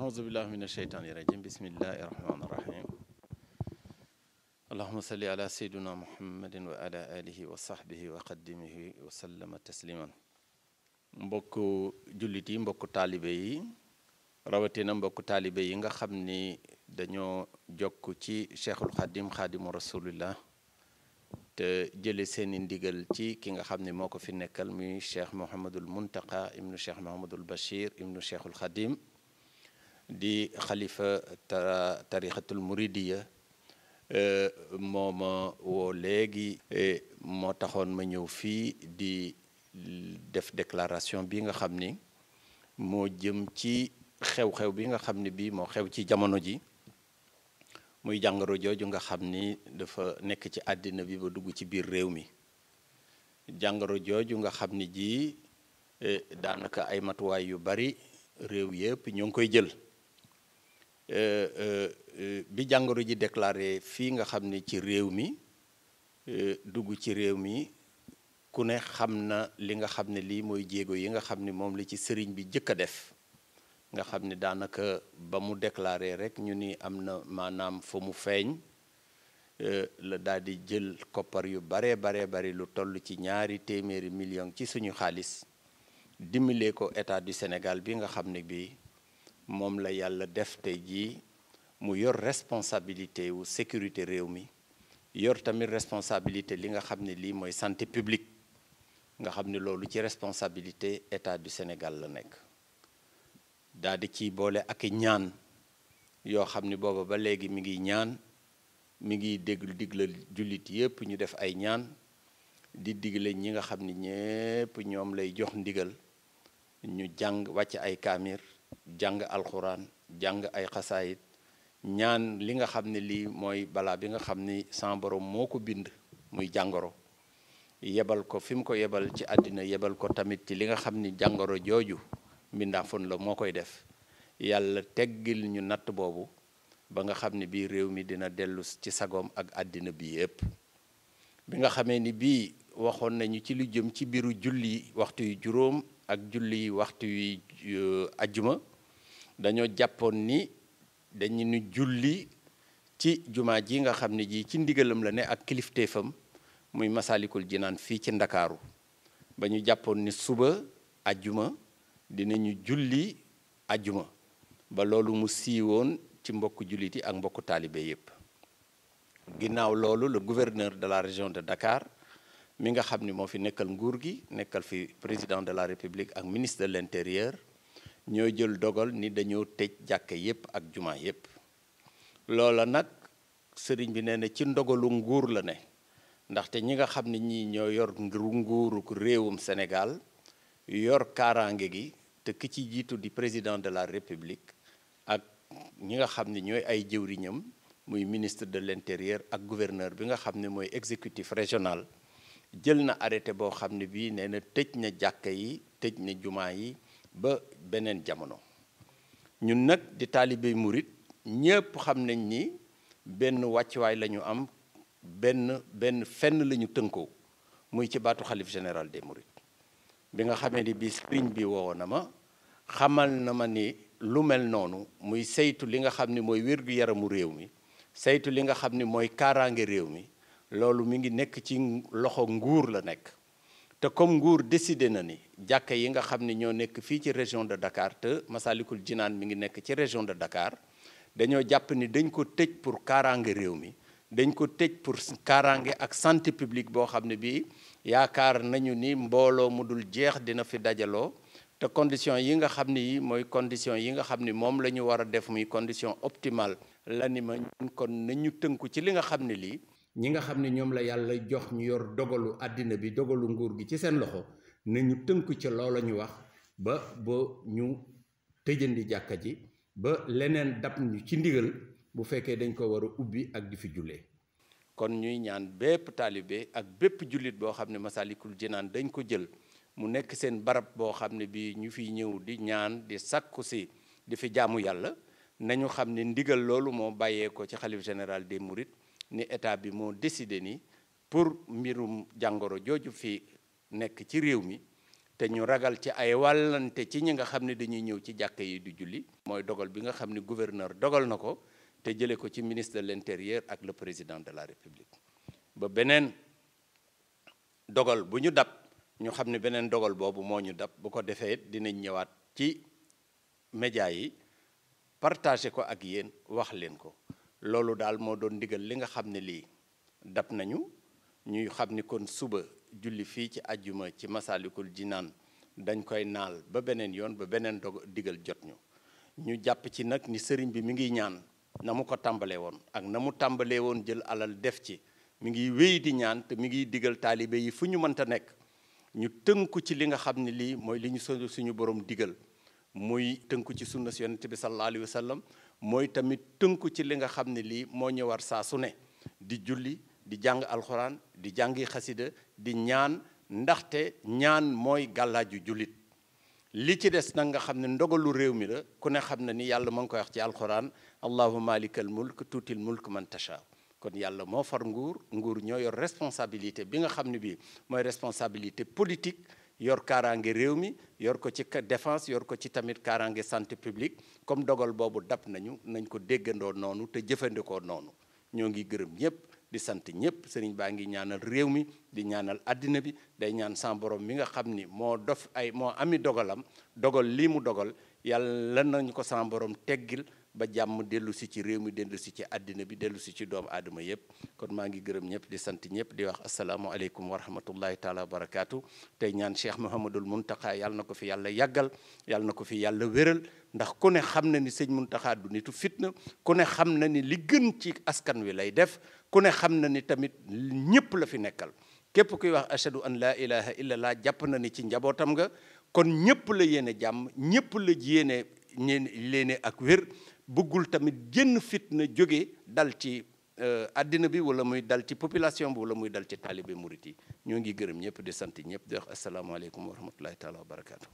ahousubillah min asheytaani irajim bismillahi irahmaani irahim allahuma salli ala seyduna muhammadin wa ala alihi wa sahbihi wa qaddimihi wa sallama tasliman mbokk jullit yi mbokk taalibe yi rawatina mbokk taalibe yi nga xam ni dañoo jokk ci cheikhul xadim xaadimu rasulillah te jële seeni ndigal ci ki nga xam ne moo ko fi nekkal muy cheikh mohamadul muntaqa ibnu cheikh mohamadul bachir ibnu cheikhul xadim di xalifa tarixatul muridiya eh, moo ma woo léegi eh, moo taxoon ma ñëw fii di def déclaration bi nga xam ni moo jëm ci xew-xew bi nga xam ni bii moo xew ci jamono ji muy jàngoro jooju nga xam ni dafa nekk ci àddina bi ba dugg ci biir réew mi jàngoro jooju nga xam ni ji eh, daanaka ay matuwaay yu bari réew yépp ñoo ngi koy jël Euh, euh, euh, bi jàngoro ji déclaré fii nga xam ni ci réew mi dugg ci réew mi ku ne xam na li nga xam ne lii mooy jéego yi nga xam ni moom la ci sëriñ bi jëkk a def nga xam ne daanaka ba mu déclaré rek ñu ni am na maanaam fa mu feeñ la daal di jël koppar yu baree baree bari lu toll ci ñaari téeméeri million ci suñu xaalis dimbalee ko état du Sénégal bi nga xam ne bii moom la yàlla def tey jii mu yor responsabilité wu sécurité réew mi yor tamit responsabilité li nga xam ne lii mooy santé publique nga xam ne loolu ci responsabilité état du Sénégal la nekk daal di ciy boole ak ñaan yoo xam ni booba ba léegi mi ngi ñaan mi ngi déglu digla jullit yépp ñu def ay ñaan di digle ñi nga xam ni ñépp ñoom lay jox ndigal ñu jàng wàcc ay kaamir jàng alxuraan jàng ay xasaayit ñaan li nga xam ne lii mooy balaa bi nga xam ni sama moo ko bind muy jàngoro yebal ko fi mu ko yebal ci àddina yebal ko tamit ci li nga xam ni jàngoro jooju mbindaafoon la moo koy def yàlla teggil ñu natt boobu ba nga xam ne bii réew mi dina dellu ci sagoom ak àddina bi yëpp bi nga xamee ni bii waxoon nañu ci lu jëm ci biiru julli waxtu yu juróom ak julli waxtu yu ajjuma dañoo jàppoon ni dañu nu julli ci jumaa ji nga xam ne ji ci ndigalam la ne ak kilifteefam muy Masaalikul naan fii ci Ndakaaru ba ñu jàppoon ni suba ajjuma dinañu julli ajjuma ba loolu mu siiwoon ci mbokk jullit ak mbokku taalibe yépp ginnaaw loolu la gouverneur de la région de Dakar mi nga xam ni moo fi nekkal nguur gi nekkal fi président de la république ak ministre de l'intérieur ñoo jël dogal ni dañoo tëj jàkka yépp ak jumaa yépp loola nag sëriñ bi nee na ci ndogalu nguur la ne ndaxte ñi nga xam ne ñii ñoo yor ngir nguuru réewum Sénégal yor kaaraange gi te ki ci jiitu di président de la république ak ñi nga xam ne ñooy ay jëwriñam muy ministre de l'intérieur ak gouverneur bi nga xam ne mooy exécutif régional jël na arrêté boo xam ne bii nee na tëj na jàkka yi tëj na jumaa yi ba beneen jamono ñun nag di taalibey murit ñépp xam nañ ni benn wàccuwaay lañu am benn benn fenn la ñu tënkoo muy ci baatu xalif général de mourides bi nga xamee ni bi sëriñ bi woo na ma xamal na ma ni lu mel noonu muy saytu li nga xam ni mooy wér-gu-yaramu réew mi saytu li nga xam ni mooy kaaraange réew mi loolu mi ngi nekk ci loxo nguur la nekk te comme nguur décidé na ni jàkka yi nga xam ne ñoo nekk fii ci région de Dakar te Masalikul Jinaan mi ngi nekk ci région de Dakar dañoo jàpp ni dañ ko tëj pour kaaraange réew mi dañ ko tëj pour kaaraange ak santé publique boo xam ne bii yaakaar nañu ni mbooloo mu dul jeex dina fi dajaloo te condition yi nga xam ne mooy condition yi nga xam ni moom la ñu war a def muy condition optimale la ni ma kon nañu tënku ci li nga xam ne lii ñi nga xam ne ñoom la yàlla jox ñu yor dogalu àddina bi dogalu nguur gi ci seen loxo nañu tënk ca loola ñu wax ba ba ñu tëjandi jàkka ji ba leneen dab ñu ci ndigal bu fekkee dañ ko war a ubbi ak di fi jullee kon ñuy ñaan bépp taalibe ak bépp jullit boo xam ne Masaalikul Jinaan dañ ko jël mu nekk seen barab boo xam ne bi ñu fiy ñëw di ñaan di sàkku si di fi jaamu yàlla nañu xam ne ndigal loolu moo bàyyee ko ci xalif général des Mourides ni état bi moo décidé ni pour mbirum jàngoro jooju fi nekk ci réew mi te ñu ragal ci ay wàllante ci ñi nga xam ne dañuy ñëw ci jàkka yi du julli mooy dogal bi nga xam ne gouverneur dogal na ko te jële ko ci ministre de l'intérieur ak le président de la république ba beneen dogal bu ñu dab ñu xam ne beneen dogal boobu moo ñu dab bu ko defee dina ñëwaat ci médias yi partagé ko ak yéen wax leen ko loolu daal moo doon digal li nga xam ne lii dab nañu ñuy xam ni kon suba julli fii ci àjjuma ci Masaalikul naan dañ koy naal ba beneen yoon ba beneen dog digal jot ñu ñu jàpp ci nag ni sëriñ bi mi ngi ñaan na mu ko tàmbalee woon ak na mu tàmbalee woon jël alal def ci mu ngi wéy di ñaan te mi ngi digal taalibe yi fu ñu mënta nekk ñu tënku ci li nga xam ne lii mooy li ñu suñu borom digal muy tënku ci sunna si yonent bi sallallahu alayhi mooy tamit tënku ci li nga xam ne lii moo ñu war saa su ne di julli di jàng alxuraan di jàngi xasida di ñaan ndaxte ñaan mooy gàllaaju jullit li ci des nag nga xam ne ndogalu réew mi la ku ne xam na ni yàlla ma ngi koy wax ci alxuraan allahumma malikal mulk tuutil mulk man tasha kon yàlla moo far nguur nguur ñoo yor responsabilité bi nga xam ne bii mooy responsabilité politique yor kaaraange réew mi yor ko ci défense yor ko ci tamit kaaraange santé publique comme dogal boobu dab nañu nañ ko déggandoo noonu te jëfandikoo noonu ñoo ngi gërëm ñëpp di sant ñëpp sëriñ baa ngi ñaanal réew mi di ñaanal àddina bi day ñaan san borom mi nga xam ni moo dof ay moo ami dogalam dogal lii mu dogal yàlla nañu ko san borom teggil ba jàmm dellu si ci réew mi dellu si ci àddina bi dellu si ci doomu aadama yëpp kon maa ngi gërëm ñëpp di sant ñëpp di wax asalaamualeykum wa rahmatullahi taala wa barakaatu tey ñaan Cheikh Mouhamadul Muntaxa yàlla na ko fi yàlla yàggal yàlla na ko fi yàlla wéral ndax ku ne xam na ni sëñ Muntaxa du nitu fitna ku ne xam na ni li gën ci askan wi lay def ku ne xam na ni tamit ñëpp la fi nekkal képp kuy wax ashadu an laa ilaha illallah jàpp na ni ci njabootam nga kon ñëpp la yéene jàmm ñëpp la yéene ñeen leene ak wér bëggul tamit génn fitna jóge dal ci euh, àddina bi wala muy dal ci population bi wala muy dal ci taalibe murit yi ñoo ngi gërëm ñëpp di sant ñëpp di wax asalaamaaleykum wa wa barakaatu.